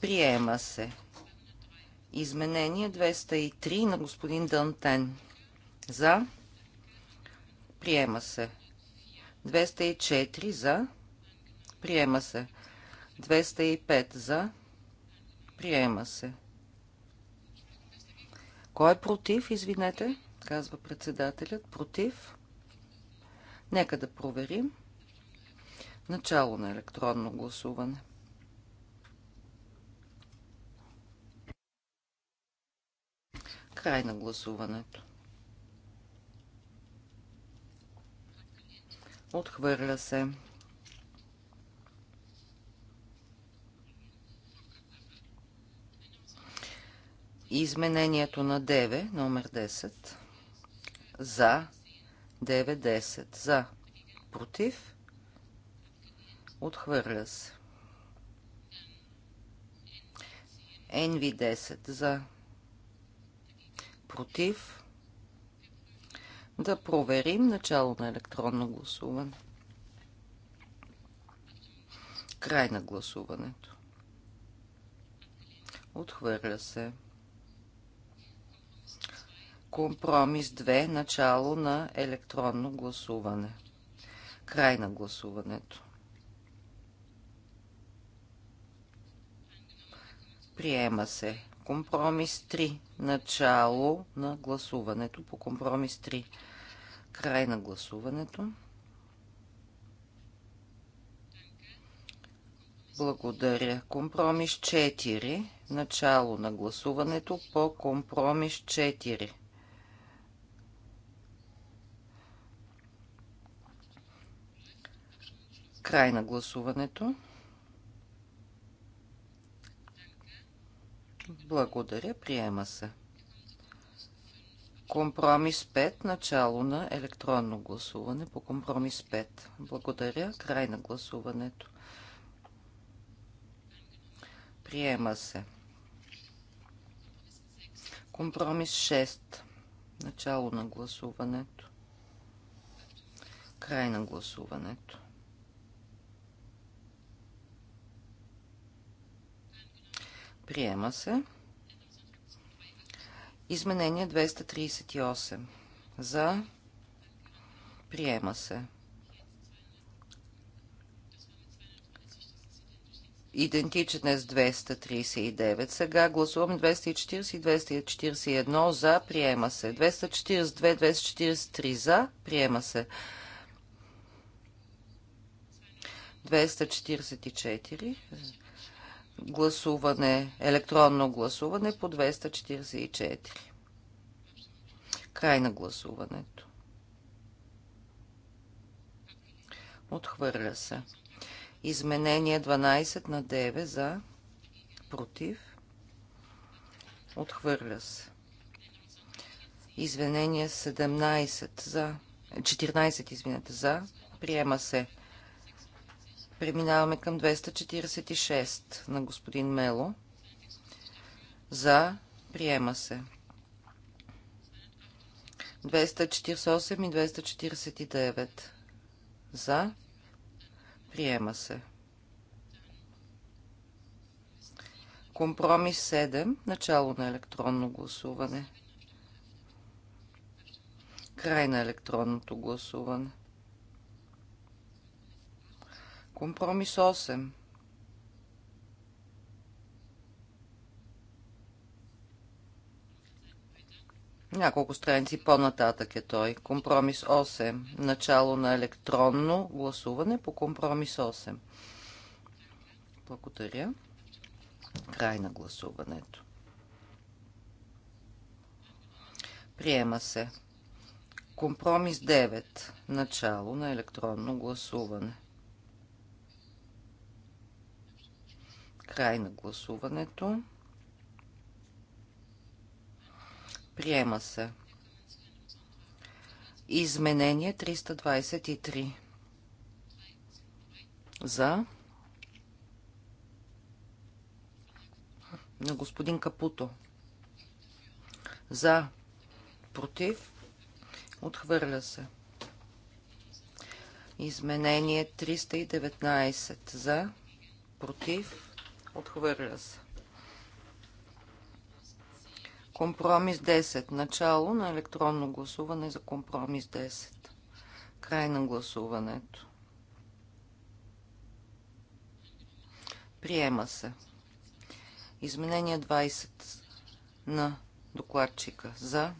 Приема се. Изменение 203 на господин Дантен. За. Приема се. 204 за. Приема се. 205 за. Приема се. Кой е против, извинете, казва председателят. Против. Нека да проверим. Начало на електронно гласуване. Край на гласуването. Отхвърля се. Изменението на 9, номер 10. За. 9-10. За. Против. Отхвърля се. NV10. За против. Да проверим начало на електронно гласуване. Край на гласуването. Отхвърля се. Компромис 2. Начало на електронно гласуване. Край на гласуването. Приема се. Компромис 3. Начало на гласуването по компромис 3. Край на гласуването. Благодаря. Компромис 4. Начало на гласуването по компромис 4. Край на гласуването. Благодаря, приема се. Компромис 5, начало на електронно гласуване по компромис 5. Благодаря, край на гласуването. Приема се. Компромис 6, начало на гласуването. Край на гласуването. Приема се. Изменение 238. За. Приема се. Идентичен е с 239. Сега гласуваме 240 и 241 за. Приема се. 242, 243 за. Приема се. 244 гласуване, електронно гласуване по 244. Край на гласуването. Отхвърля се. Изменение 12 на 9 за против. Отхвърля се. Изменение 17 за 14, извинете, за. Приема се. Преминаваме към 246 на господин Мело. За. Приема се. 248 и 249. За. Приема се. Компромис 7. Начало на електронно гласуване. Край на електронното гласуване. Компромис 8. Няколко страници по-нататък е той. Компромис 8. Начало на електронно гласуване по компромис 8. Благодаря. Край на гласуването. Приема се. Компромис 9. Начало на електронно гласуване. Край на гласуването. Приема се. Изменение 323. За. На господин Капуто. За. Против. Отхвърля се. Изменение 319. За. Против. Отхвърля се. Компромис 10. Начало на електронно гласуване за компромис 10. Край на гласуването. Приема се. Изменение 20 на докладчика. За.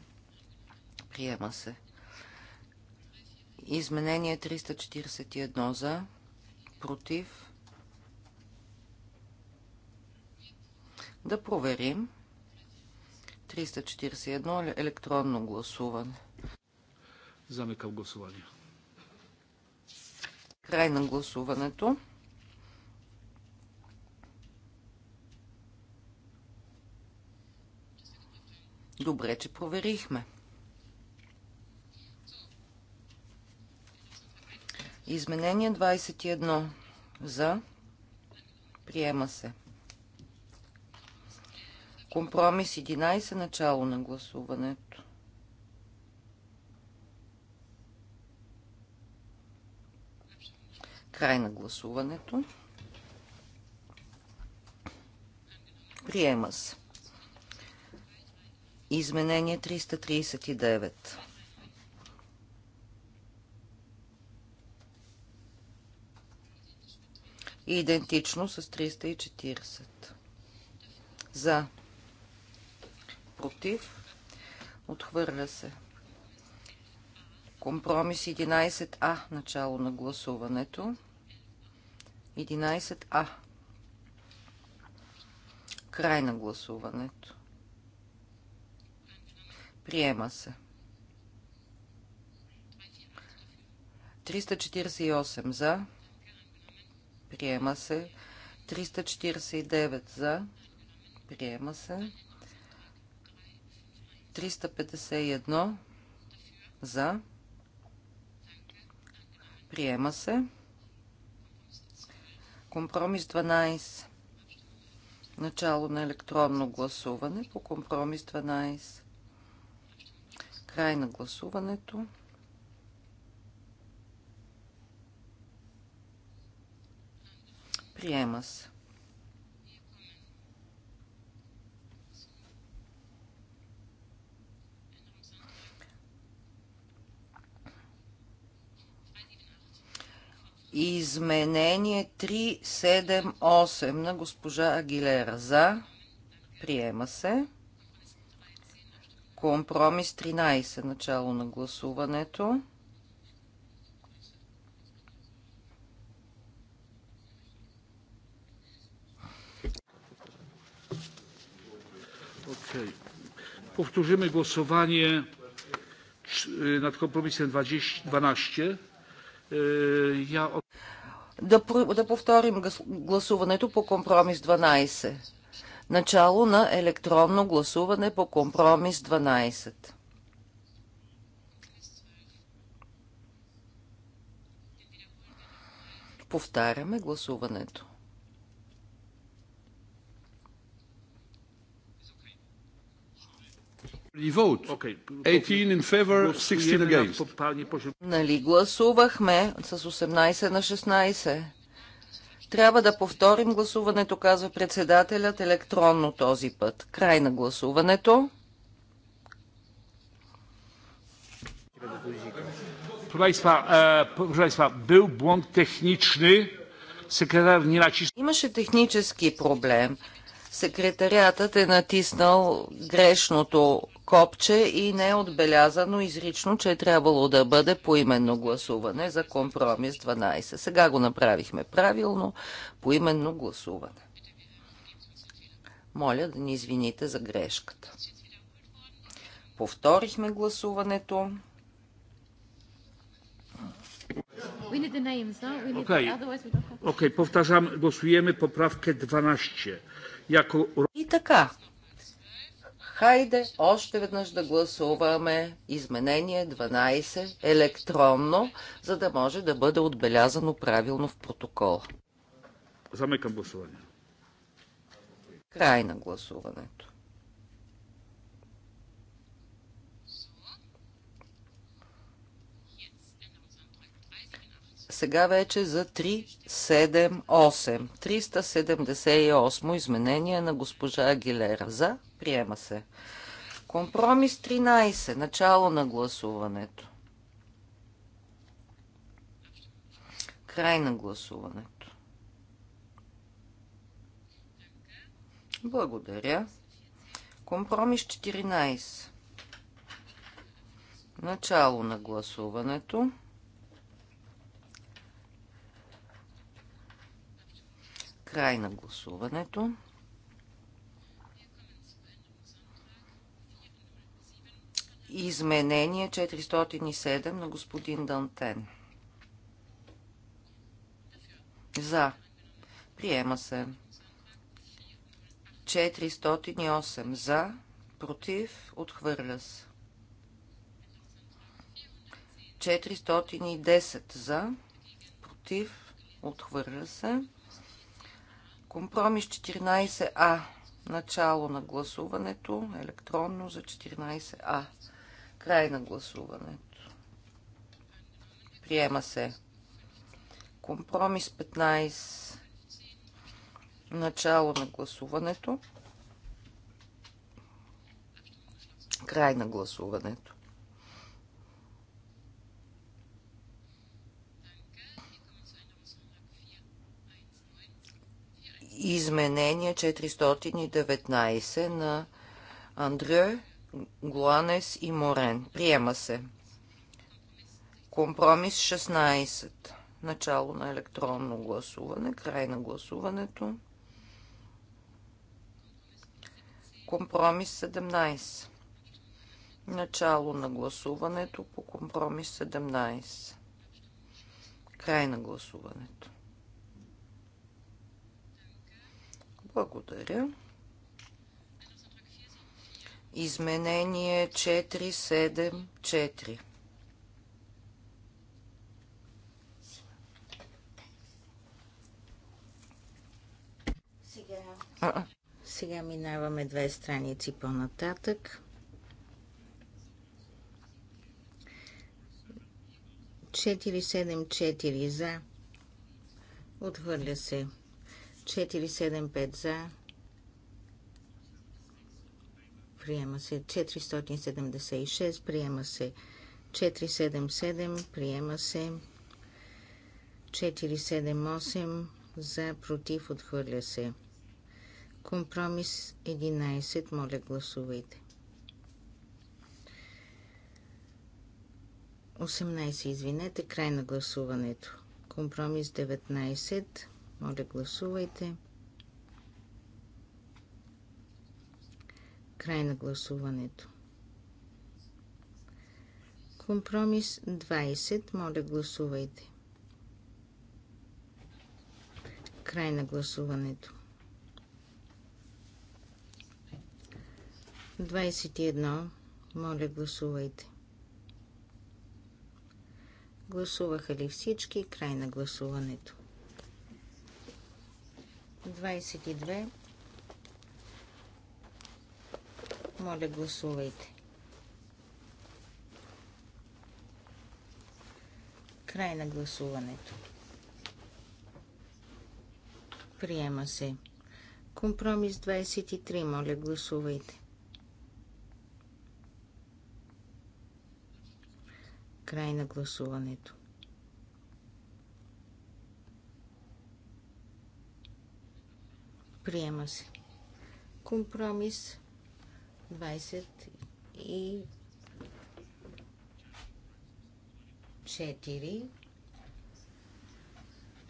Приема се. Изменение 341 за. Против. Да проверим. 341 електронно гласуване. в гласуване. Край на гласуването. Добре, че проверихме. Изменение 21. За. Приема се. Компромис 11. Начало на гласуването. Край на гласуването. Приема се. Изменение 339. И идентично с 340. За против, отхвърля се. Компромис 11А, начало на гласуването. 11А. Край на гласуването. Приема се. 348 за. Приема се. 349 за. Приема се. 351 за. Приема се. Компромис 12. Начало на електронно гласуване по компромис 12. Край на гласуването. Приема се. Изменение 378 на госпожа Агилера. За. Приема се. Компромис 13. Начало на гласуването. Okay. Powtórzymy głosowanie nad kompromisem 20, 12. Е, да, да повторим гласуването по компромис 12. Начало на електронно гласуване по компромис 12. Повтаряме гласуването. Favor, нали гласувахме с 18 на 16? Трябва да повторим гласуването, казва председателят електронно този път. Край на гласуването. E, Имаше технически проблем. Секретариатът е натиснал грешното копче и не е отбелязано изрично, че е трябвало да бъде поименно гласуване за компромис 12. Сега го направихме правилно, поименно гласуване. Моля да ни извините за грешката. Повторихме гласуването. Okej, okay. okay, powtarzam, głosujemy poprawkę 12. И така, хайде още веднъж да гласуваме изменение 12 електронно, за да може да бъде отбелязано правилно в протокола. Замекам гласуване. Край на гласуването. сега вече за 378. 378 изменение на госпожа Агилера. За. Приема се. Компромис 13. Начало на гласуването. Край на гласуването. Благодаря. Компромис 14. Начало на гласуването. Край на гласуването. Изменение 407 на господин Дантен. За. Приема се. 408 за. Против. Отхвърля се. 410 за. Против. Отхвърля се. Компромис 14А. Начало на гласуването. Електронно за 14А. Край на гласуването. Приема се. Компромис 15. Начало на гласуването. Край на гласуването. изменение 419 на Андрю, Гланес и Морен. Приема се. Компромис 16. Начало на електронно гласуване. Край на гласуването. Компромис 17. Начало на гласуването по компромис 17. Край на гласуването. Благодаря. Изменение 474. Сега. Сега минаваме две страници по-нататък. седем, четири за. Отхвърля се. 475 за. Приема се 476. Приема се 477. Приема се 478. За. Против. Отхвърля се. Компромис 11. Моля, гласувайте. 18. Извинете. Край на гласуването. Компромис 19. Моля, гласувайте. Край на гласуването. Компромис 20. Моля, гласувайте. Край на гласуването. 21. Моля, гласувайте. Гласуваха ли всички? Край на гласуването. 22. Моля, гласувайте. Край на гласуването. Приема се. Компромис 23. Моля, гласувайте. Край на гласуването. Приема се. Компромис 20 и 4.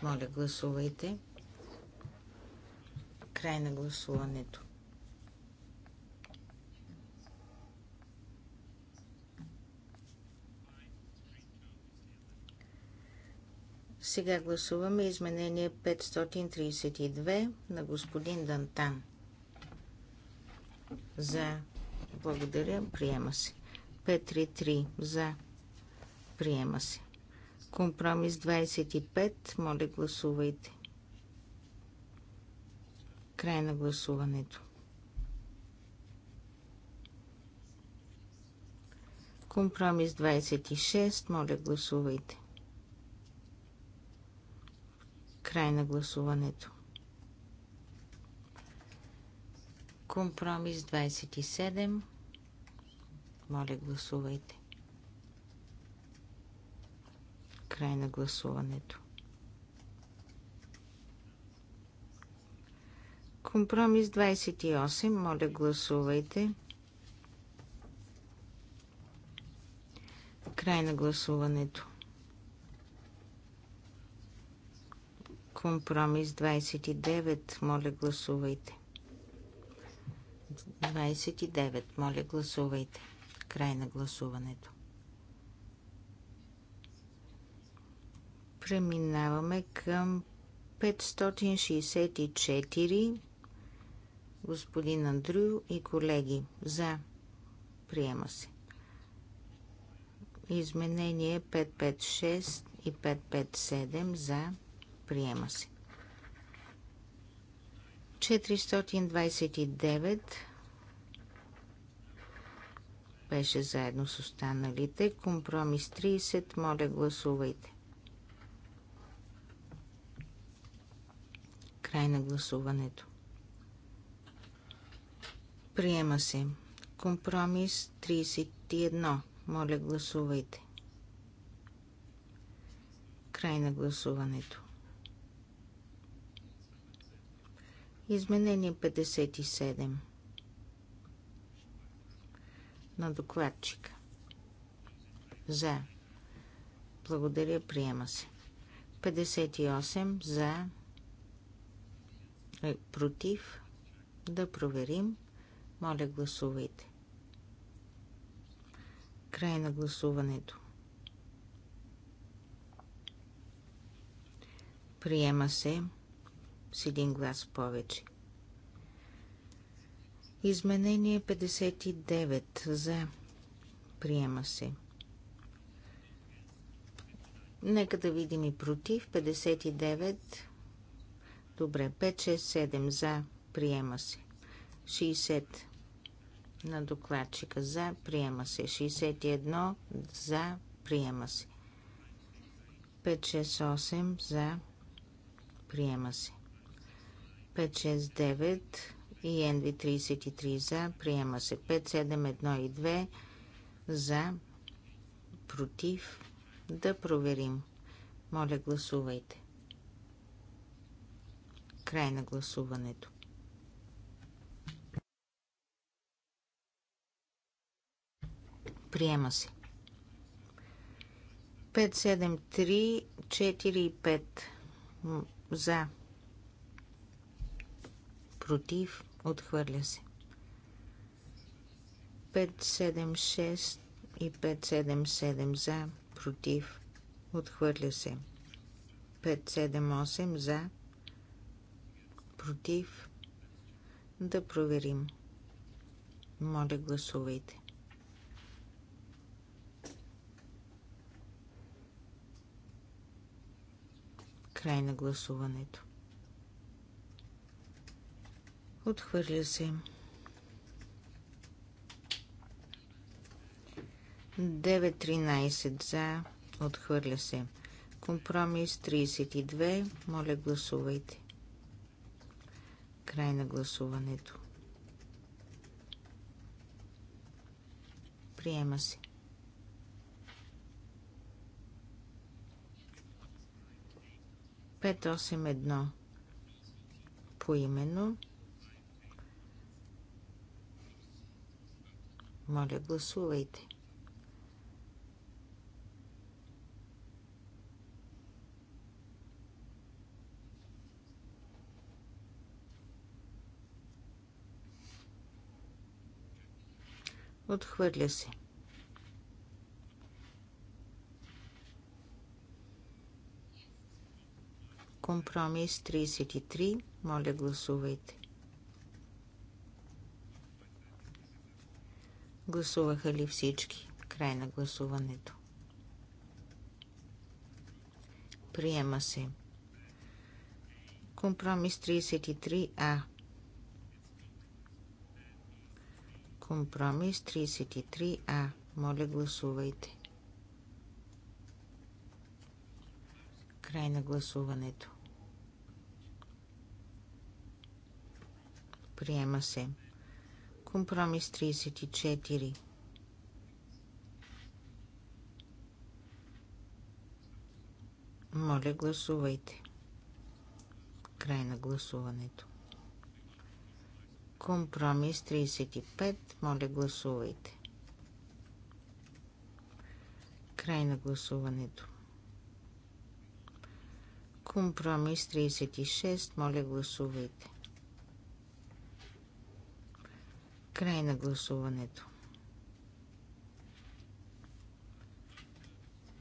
Моля, гласувайте. Край на гласуването. Сега гласуваме изменение 532 на господин Дантан. За. Благодаря. Приема се. 533. За. Приема се. Компромис 25. Моля, гласувайте. Край на гласуването. Компромис 26. Моля, гласувайте. Край на гласуването. Компромис 27. Моля, гласувайте. Край на гласуването. Компромис 28. Моля, гласувайте. Край на гласуването. Компромис 29. Моля, гласувайте. 29. Моля, гласувайте. Край на гласуването. Преминаваме към 564. Господин Андрю и колеги. За. Приема се. Изменение 556 и 557 за Приема се. 429 беше заедно с останалите. Компромис 30. Моля, гласувайте. Край на гласуването. Приема се. Компромис 31. Моля, гласувайте. Край на гласуването. Изменение 57 на докладчика. За. Благодаря, приема се. 58 за. Е, против. Да проверим. Моля, гласувайте. Край на гласуването. Приема се с един глас повече. Изменение 59 за. Приема се. Нека да видим и против. 59. Добре. 5, 6, 7 за. Приема се. 60 на докладчика за. Приема се. 61 за. Приема се. 5, 6, 8 за. Приема се. 569 и NV33 за. Приема се 571 и 2 за. Против. Да проверим. Моля, гласувайте. Край на гласуването. Приема се. 5, 7, 3, 4 и 5 за против, отхвърля се. 576 и 577 за, против, отхвърля се. 578 за, против, да проверим. Моля, гласувайте. Край на гласуването. Отхвърля се. 9.13 за. Отхвърля се. Компромис 32. Моля, гласувайте. Край на гласуването. Приема се. Пет, осем, едно. Поименно. Моля, гласувайте. Отхвърля се. Компромис 33. Моля, гласувайте. Гласуваха ли всички? Край на гласуването. Приема се. Компромис 33А. Компромис 33А. Моля, гласувайте. Край на гласуването. Приема се. Компромис 34. Моля, гласувайте. Край на гласуването. Компромис 35. Моля, гласувайте. Край на гласуването. Компромис 36. Моля, гласувайте. Край на гласуването.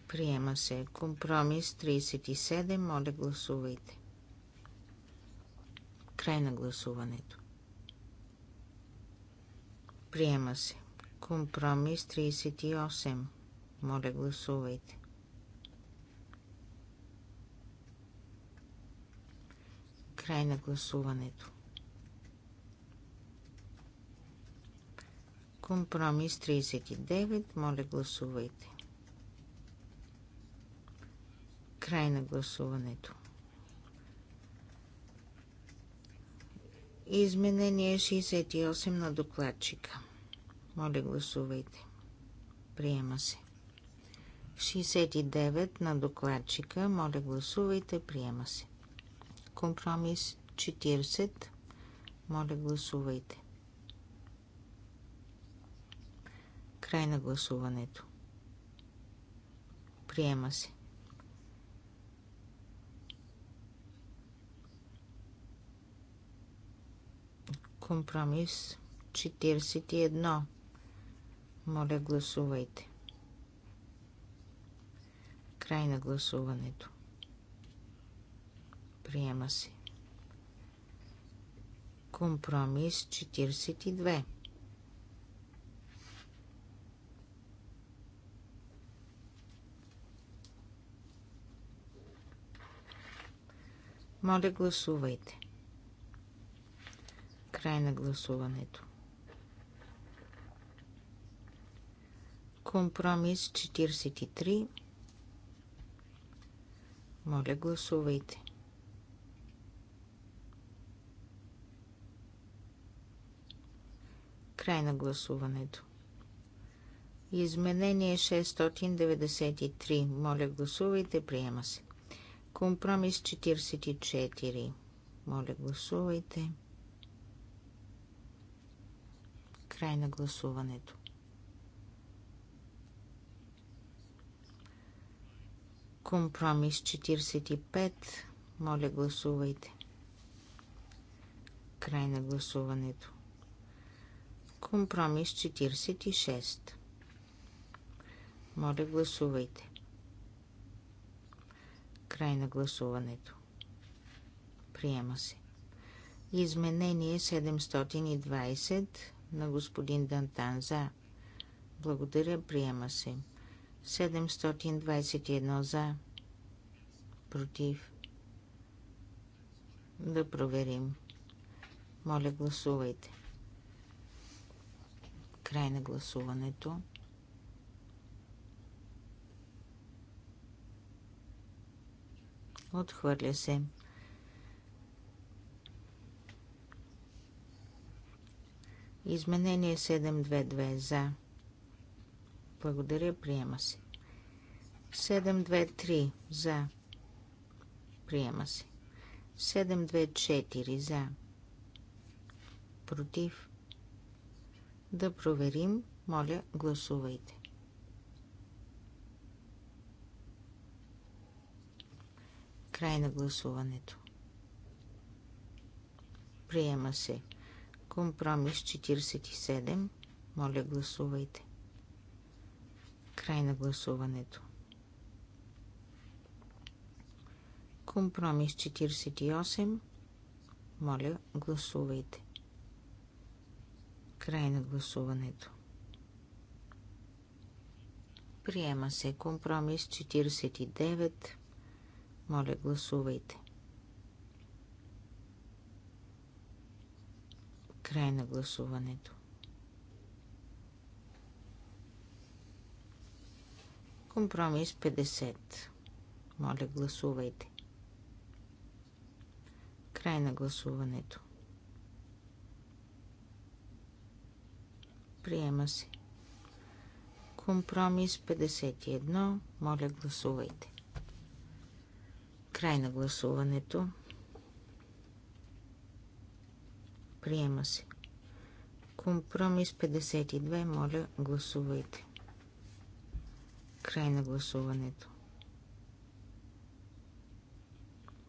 Приема се компромис 37. Моля, гласувайте. Край на гласуването. Приема се компромис 38. Моля, гласувайте. Край на гласуването. Компромис 39. Моля, гласувайте. Край на гласуването. Изменение 68 на докладчика. Моля, гласувайте. Приема се. 69 на докладчика. Моля, гласувайте. Приема се. Компромис 40. Моля, гласувайте. Край на гласуването. Приема се. Компромис 41. Моля, гласувайте. Край на гласуването. Приема се. Компромис 42. Моля, гласувайте. Край на гласуването. Компромис 43. Моля, гласувайте. Край на гласуването. Изменение 693. Моля, гласувайте. Приема се. Компромис 44. Моля, гласувайте. Край на гласуването. Компромис 45. Моля, гласувайте. Край на гласуването. Компромис 46. Моля, гласувайте. Край на гласуването. Приема се. Изменение 720 на господин Дантан за. Благодаря, приема се. 721 за. Против. Да проверим. Моля, гласувайте. Край на гласуването. Отхвърля се. Изменение 722 за. Благодаря, приема се. 723 за. Приема се. 724 за. Против. Да проверим. Моля, гласувайте. Край на гласуването. Приема се. Компромис 47. Моля, гласувайте. Край на гласуването. Компромис 48. Моля, гласувайте. Край на гласуването. Приема се компромис 49. Моля, гласувайте. Край на гласуването. Компромис 50. Моля, гласувайте. Край на гласуването. Приема се. Компромис 51. Моля, гласувайте. Край на гласуването. Приема се. Компромис 52. Моля, гласувайте. Край на гласуването.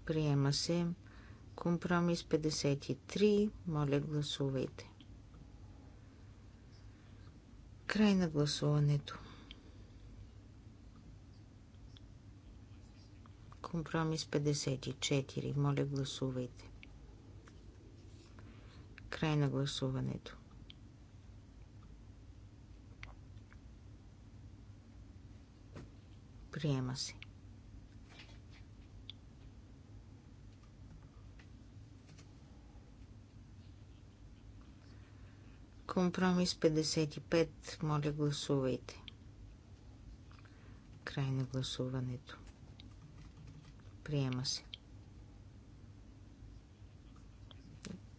Приема се. Компромис 53. Моля, гласувайте. Край на гласуването. Компромис 54. Моля, гласувайте. Край на гласуването. Приема се. Компромис 55. Моля, гласувайте. Край на гласуването. Приема се.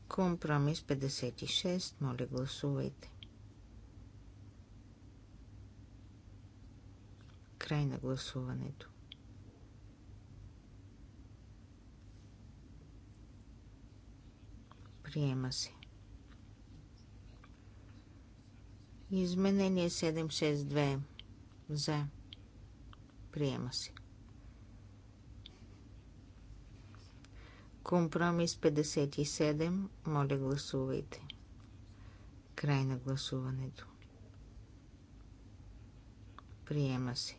Компромис 56. Моля, гласувайте. Край на гласуването. Приема се. Изменение 762. За. Приема се. Компромис 57. Моля, гласувайте. Край на гласуването. Приема се.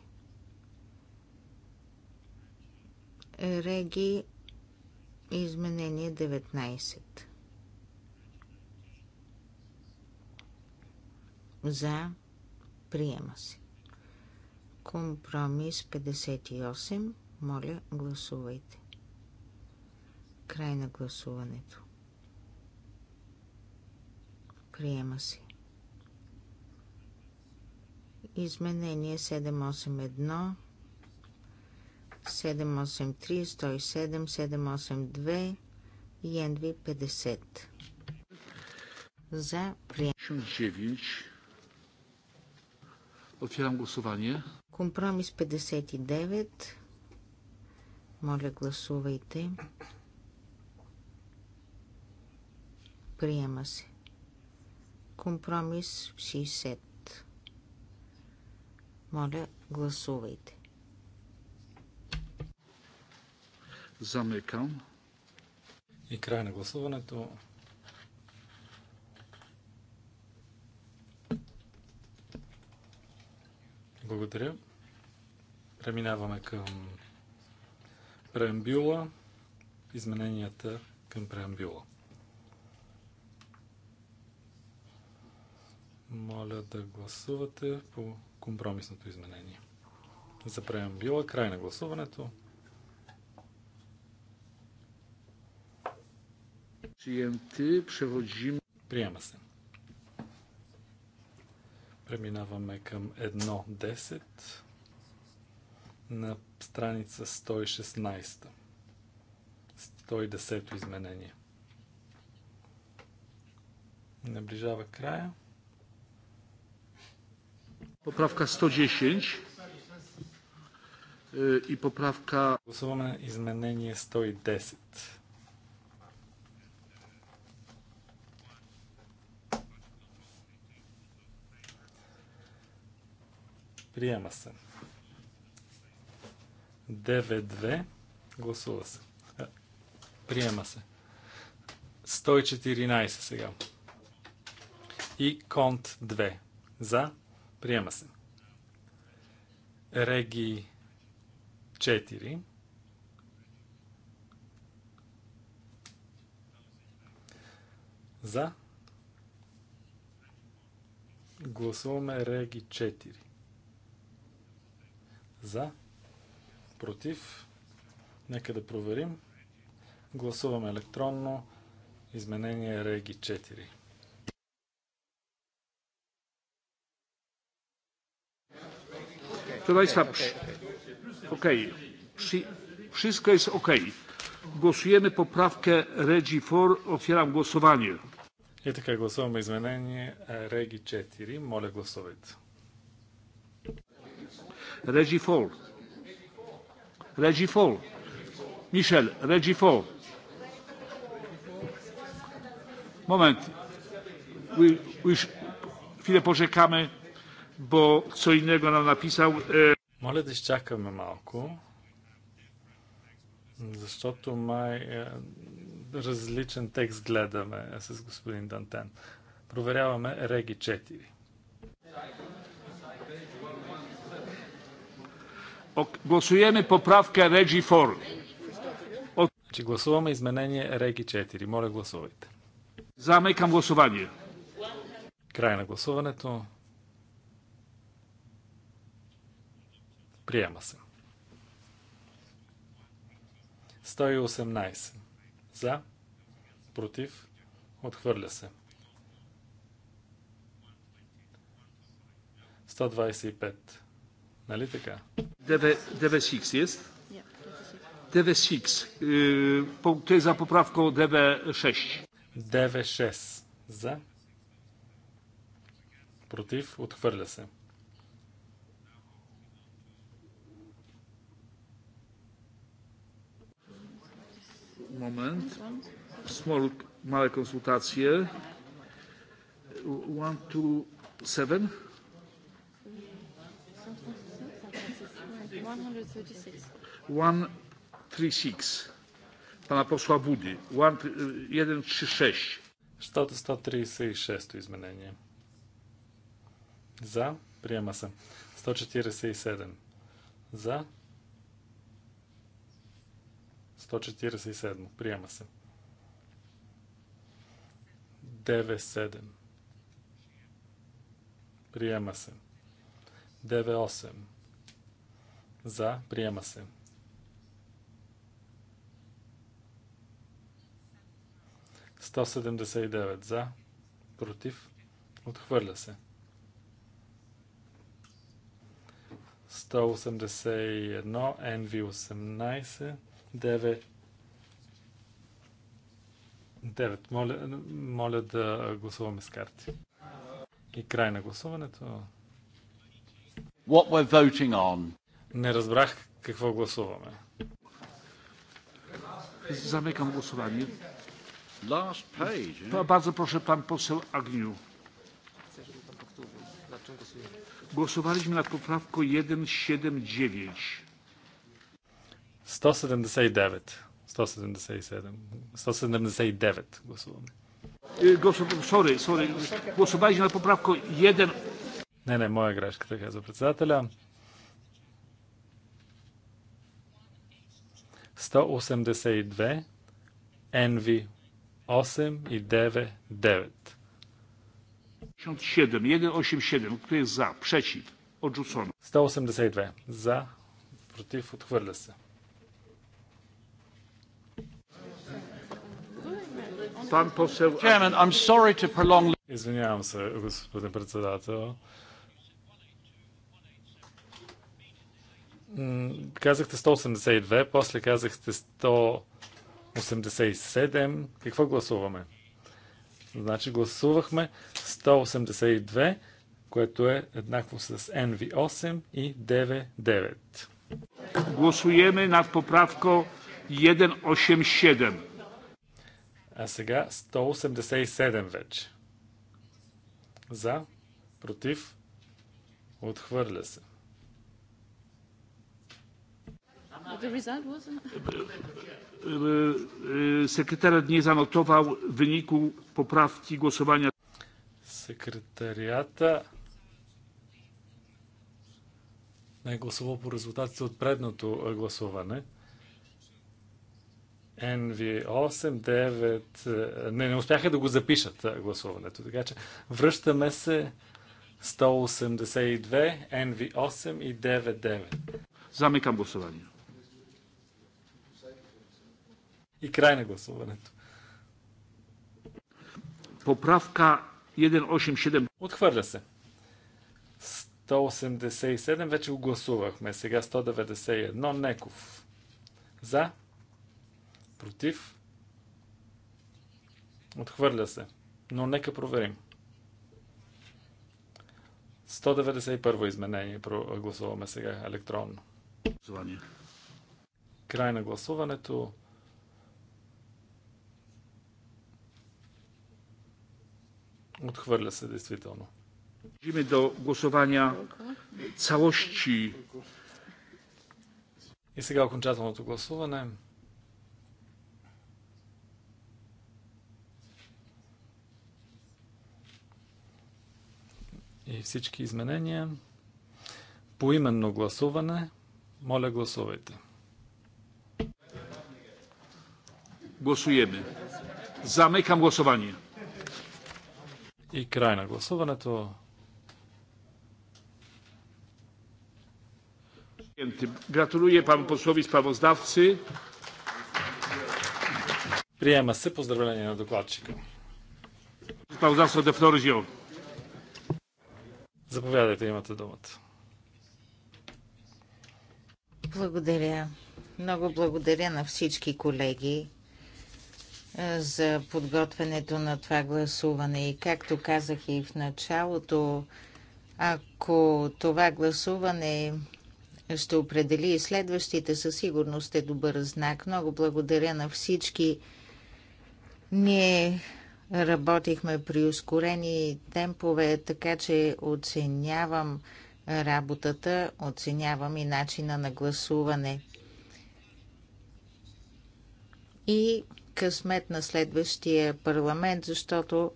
Реги изменение 19. За приема се. Компромис 58. Моля, гласувайте. Край на гласуването. Приема се. Изменение 781, 783, 107, 782 и НВ 50. За приемане. Otwieram głosowanie. Компромис 59. Моля, гласувайте. Приема се. Компромис 60. Моля, гласувайте. Замекам. И край на гласуването. Благодаря. Преминаваме към преамбюла, измененията към преамбюла. Моля да гласувате по компромисното изменение. За преамбила, край на гласуването. Приема се. Преминаваме към 1.10 на страница 116. 110 изменение. Наближава края. Поправка 110 и поправка... Гласуваме изменение 110. Приема се. 9-2. Гласува се. Приема се. 114 сега. И конт 2. За. Приема се. Реги 4. За. Гласуваме Реги 4. За. Против. Нека да проверим. Гласуваме електронно. Изменение Реги 4. Proszę Państwa, okej, wszystko jest okej. Głosujemy poprawkę Regi 4. Otwieram głosowanie. И така гласуваме изменение Regi 4. Моля głosować. Regi Фол. Regi Фол. Michel, Regi Фол. Moment. Chwilę poczekamy bo co innego nam napisał. E, Моля да изчакаме малко, защото май е, различен текст гледаме с господин Дантен. Проверяваме Реги 4. Гласуваме поправка Реги 4. От... Че значи гласуваме изменение Реги 4. Моля гласувайте. Замекам гласуване. Край на гласуването. Приема се. 118. За. Против. Отхвърля се. 125. Нали така? 96 jest? 96. To jest za poprawką 96. 96. За. Против. Отхвърля се. 125. moment. Small, małe konsultacje. One, two, seven. 136. Pana posła Budy. 136. Щото 136 изменение. Za. Приема се. 147. За. 147. Приема се. 97. Приема се. 98. За. Приема се. 179 за, против, отхвърля се. 181, NV18, 9. Моля, моля да гласуваме с карти. И край на гласуването. What we're voting on. Не разбрах какво гласуваме. Замекам гласуване. Last page. Eh? Бързо Bardzo пан посел Агню. Гласували сме на поправка 179. 179. 177. 179 głosowamy. Sorry, sorry. Głosowaliśmy na poprawkę 1. Не, не, моя грешка, така за председателя. 182, NV 8 и 9, 9. 187, 187, kto jest za, przeciw, odrzucono. 182, za, przeciw, odchwyla się. Извинявам се, господин председател. Казахте 182, после казахте 187. Какво гласуваме? Значи гласувахме 182, което е еднакво с NV8 и 99. Гласуваме над поправка 187. А сега 187 вече. За, против, отхвърля се. Секретарят ни е занотовал венико поправки гласования. Секретарията не е гласувал по резултатите от предното гласуване. NV8, 9... Не, не успяха да го запишат гласуването. Така че връщаме се 182, NV8 и 99. Замикам гласуване. И край на гласуването. Поправка 187. Отхвърля се. 187 вече го гласувахме. Сега 191. Неков. За. Против. Отхвърля се. Но нека проверим. 191 изменение гласуваме сега електронно. Звание. Край на гласуването. Отхвърля се действително. Продължиме до гласувания цялощи. И сега окончателното гласуване. и всички изменения. По именно гласуване, моля гласувайте. Гласуеме. Замекам гласование. И край на гласуването. Gratuluję panu posłowi sprawozdawcy. Приема се поздравление на докладчика. Sprawozdawca de Florizio. Заповядайте, имате думата. Благодаря. Много благодаря на всички колеги за подготвянето на това гласуване. И както казах и в началото, ако това гласуване ще определи и следващите, със сигурност е добър знак. Много благодаря на всички. Ние Работихме при ускорени темпове, така че оценявам работата, оценявам и начина на гласуване. И късмет на следващия парламент, защото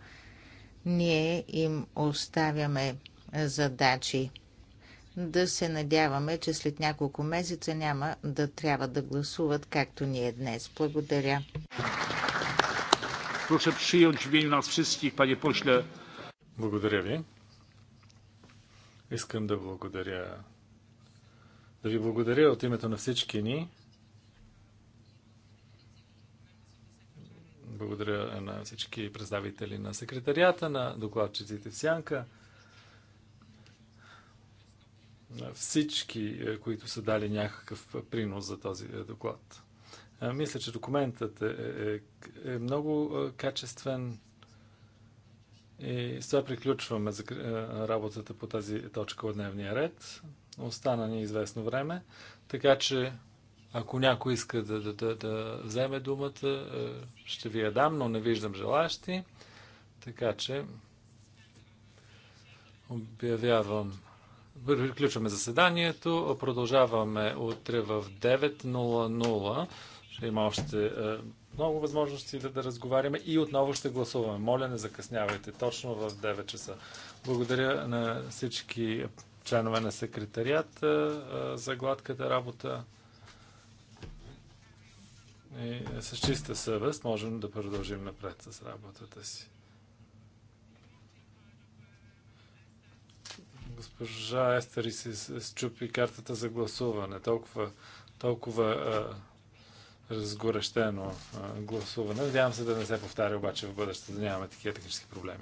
ние им оставяме задачи. Да се надяваме, че след няколко месеца няма да трябва да гласуват както ние днес. Благодаря. Proszę przyjąć w imieniu nas wszystkich, panie pośle. Благодаря ви. Искам да благодаря. Да ви благодаря от името на всички ни. Благодаря на всички представители на секретарията, на докладчиците в Сянка, на всички, които са дали някакъв принос за този е, доклад. Мисля, че документът е, е, е много качествен. И с това приключваме за работата по тази точка от дневния ред. Остана ни известно време, така че ако някой иска да, да, да, да вземе думата, ще ви я дам, но не виждам желащи, Така че обявявам. Приключваме заседанието. Продължаваме утре в 9.00 ще има още е, много възможности да, да разговаряме и отново ще гласуваме. Моля, не закъснявайте точно в 9 часа. Благодаря на всички членове на секретарията е, за гладката работа. И с чиста съвест можем да продължим напред с работата си. Госпожа Естери си счупи картата за гласуване. Толкова, толкова е, разгорещено гласуване. Надявам се да не се повтаря обаче в бъдеще, да нямаме такива технически проблеми.